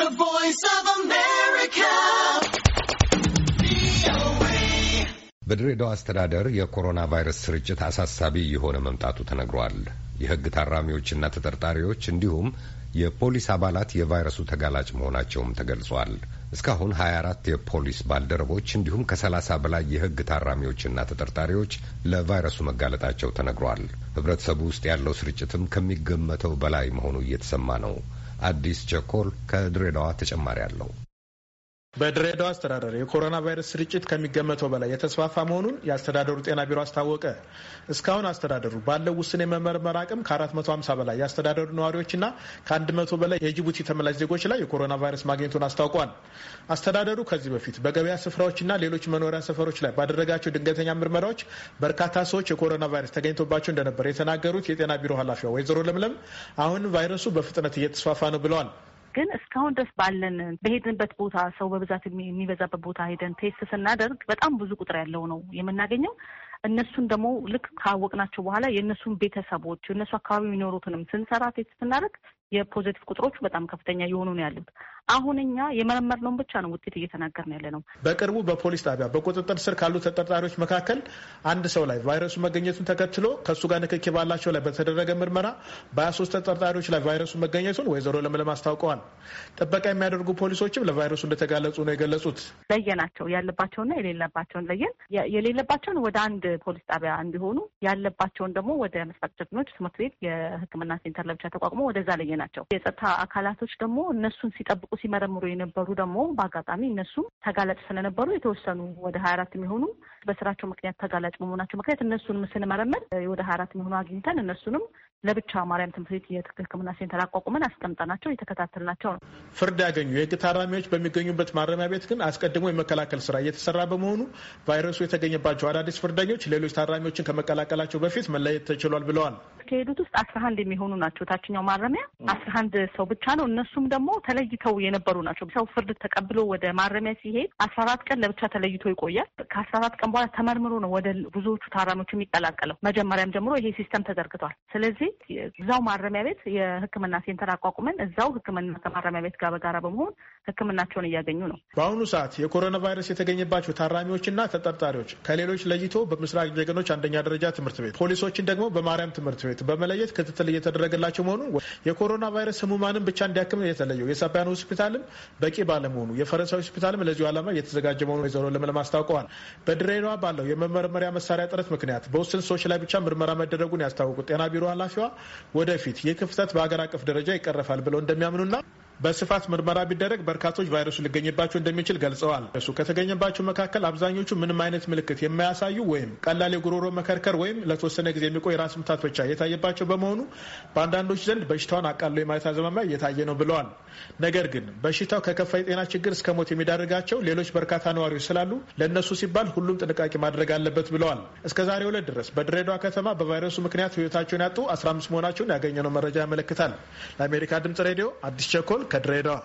The Voice of America. በድሬዳዋ አስተዳደር የኮሮና ቫይረስ ስርጭት አሳሳቢ የሆነ መምጣቱ ተነግሯል። የሕግ ታራሚዎችና ተጠርጣሪዎች እንዲሁም የፖሊስ አባላት የቫይረሱ ተጋላጭ መሆናቸውም ተገልጿል። እስካሁን 24 የፖሊስ ባልደረቦች እንዲሁም ከ30 በላይ የሕግ ታራሚዎችና ተጠርጣሪዎች ለቫይረሱ መጋለጣቸው ተነግሯል። ሕብረተሰቡ ውስጥ ያለው ስርጭትም ከሚገመተው በላይ መሆኑ እየተሰማ ነው። አዲስ ቸኮል ከድሬዳዋ ተጨማሪ አለው። በድሬዳዋ አስተዳደር የኮሮና ቫይረስ ስርጭት ከሚገመተው በላይ የተስፋፋ መሆኑን የአስተዳደሩ ጤና ቢሮ አስታወቀ። እስካሁን አስተዳደሩ ባለው ውስን የመመርመር አቅም ከ450 በላይ የአስተዳደሩ ነዋሪዎችና ከ100 በላይ የጅቡቲ ተመላሽ ዜጎች ላይ የኮሮና ቫይረስ ማግኘቱን አስታውቋል። አስተዳደሩ ከዚህ በፊት በገበያ ስፍራዎችና ሌሎች መኖሪያ ሰፈሮች ላይ ባደረጋቸው ድንገተኛ ምርመራዎች በርካታ ሰዎች የኮሮና ቫይረስ ተገኝቶባቸው እንደነበር የተናገሩት የጤና ቢሮ ኃላፊዋ ወይዘሮ ለምለም አሁን ቫይረሱ በፍጥነት እየተስፋፋ ነው ብለዋል። ግን እስካሁን ድረስ ባለን በሄድንበት ቦታ ሰው በብዛት የሚበዛበት ቦታ ሄደን ቴስት ስናደርግ በጣም ብዙ ቁጥር ያለው ነው የምናገኘው። እነሱን ደግሞ ልክ ካወቅናቸው በኋላ የእነሱን ቤተሰቦች የእነሱ አካባቢ የሚኖሩትንም ስንሰራ ቴስት ስናደርግ የፖዘቲቭ ቁጥሮቹ በጣም ከፍተኛ የሆኑ ነው ያሉት። አሁን እኛ የመረመርነውን ብቻ ነው ውጤት እየተናገር ነው ያለ ነው። በቅርቡ በፖሊስ ጣቢያ በቁጥጥር ስር ካሉ ተጠርጣሪዎች መካከል አንድ ሰው ላይ ቫይረሱ መገኘቱን ተከትሎ ከእሱ ጋር ንክኪ ባላቸው ላይ በተደረገ ምርመራ በሀያ ሶስት ተጠርጣሪዎች ላይ ቫይረሱ መገኘቱን ወይዘሮ ለምለም አስታውቀዋል። ጥበቃ የሚያደርጉ ፖሊሶችም ለቫይረሱ እንደተጋለጹ ነው የገለጹት። ለየናቸው ያለባቸውና የሌለባቸውን ለየን። የሌለባቸውን ወደ አንድ ፖሊስ ጣቢያ እንዲሆኑ ያለባቸውን ደግሞ ወደ መስራቅ ጀግኖች ትምህርት ቤት የህክምና ሴንተር ለብቻ ተቋቁሞ ወደዛ ለየ ናቸው። የጸጥታ አካላቶች ደግሞ እነሱን ሲጠብቁ ሲመረምሩ የነበሩ ደግሞ በአጋጣሚ እነሱም ተጋላጭ ስለነበሩ የተወሰኑ ወደ ሀያ አራት የሚሆኑ በስራቸው ምክንያት ተጋላጭ በመሆናቸው ምክንያት እነሱንም ስንመረምር ወደ ሀያ አራት የሚሆኑ አግኝተን እነሱንም ለብቻ ማርያም ትምህርት ቤት የሕክምና ሴንተር አቋቁመን አስቀምጠናቸው እየተከታተልናቸው ነው። ፍርድ ያገኙ የህግ ታራሚዎች በሚገኙበት ማረሚያ ቤት ግን አስቀድሞ የመከላከል ስራ እየተሰራ በመሆኑ ቫይረሱ የተገኘባቸው አዳዲስ ፍርደኞች ሌሎች ታራሚዎችን ከመቀላቀላቸው በፊት መለየት ተችሏል ብለዋል። ከሄዱት ውስጥ አስራ አንድ የሚሆኑ ናቸው። ታችኛው ማረሚያ አስራ አንድ ሰው ብቻ ነው። እነሱም ደግሞ ተለይተው የነበሩ ናቸው። ሰው ፍርድ ተቀብሎ ወደ ማረሚያ ሲሄድ አስራ አራት ቀን ለብቻ ተለይቶ ይቆያል። ከአስራ አራት ቀን በኋላ ተመርምሮ ነው ወደ ብዙዎቹ ታራሚዎች የሚቀላቀለው። መጀመሪያም ጀምሮ ይሄ ሲስተም ተዘርግቷል። ስለዚህ እዛው ማረሚያ ቤት የሕክምና ሴንተር አቋቁመን እዛው ሕክምና ከማረሚያ ቤት ጋር በጋራ በመሆን ሕክምናቸውን እያገኙ ነው። በአሁኑ ሰዓት የኮሮና ቫይረስ የተገኘባቸው ታራሚዎችና ተጠርጣሪዎች ከሌሎች ለይቶ በምስራቅ ጀገኖች አንደኛ ደረጃ ትምህርት ቤት ፖሊሶችን ደግሞ በማርያም ትምህርት ቤት ምልክት በመለየት ክትትል እየተደረገላቸው መሆኑን የኮሮና ቫይረስ ህሙማንም ብቻ እንዲያክም የተለየው የሳቢያን ሆስፒታልም በቂ ባለመሆኑ የፈረንሳይ ሆስፒታልም ለዚሁ ዓላማ እየተዘጋጀ መሆኑ ወይዘሮ ለምለም አስታውቀዋል። በድሬዳዋ ባለው የመመርመሪያ መሳሪያ ጥረት ምክንያት በውስን ሰዎች ላይ ብቻ ምርመራ መደረጉን ያስታወቁት ጤና ቢሮ ኃላፊዋ ወደፊት ይህ ክፍተት በሀገር አቀፍ ደረጃ ይቀረፋል ብለው እንደሚያምኑና በስፋት ምርመራ ቢደረግ በርካቶች ቫይረሱ ሊገኝባቸው እንደሚችል ገልጸዋል። እሱ ከተገኘባቸው መካከል አብዛኞቹ ምንም አይነት ምልክት የማያሳዩ ወይም ቀላል የጉሮሮ መከርከር ወይም ለተወሰነ ጊዜ የሚቆይ ራስ ምታት ብቻ የታየባቸው በመሆኑ በአንዳንዶች ዘንድ በሽታውን አቃሎ የማየት አዝማሚያ እየታየ ነው ብለዋል። ነገር ግን በሽታው ከከፋ የጤና ችግር እስከ ሞት የሚዳርጋቸው ሌሎች በርካታ ነዋሪዎች ስላሉ ለእነሱ ሲባል ሁሉም ጥንቃቄ ማድረግ አለበት ብለዋል። እስከ ዛሬ ሁለት ድረስ በድሬዳዋ ከተማ በቫይረሱ ምክንያት ህይወታቸውን ያጡ 15 መሆናቸውን ያገኘነው መረጃ ያመለክታል። ለአሜሪካ ድምጽ ሬዲዮ አዲስ ቸኮል ከድሬዳዋ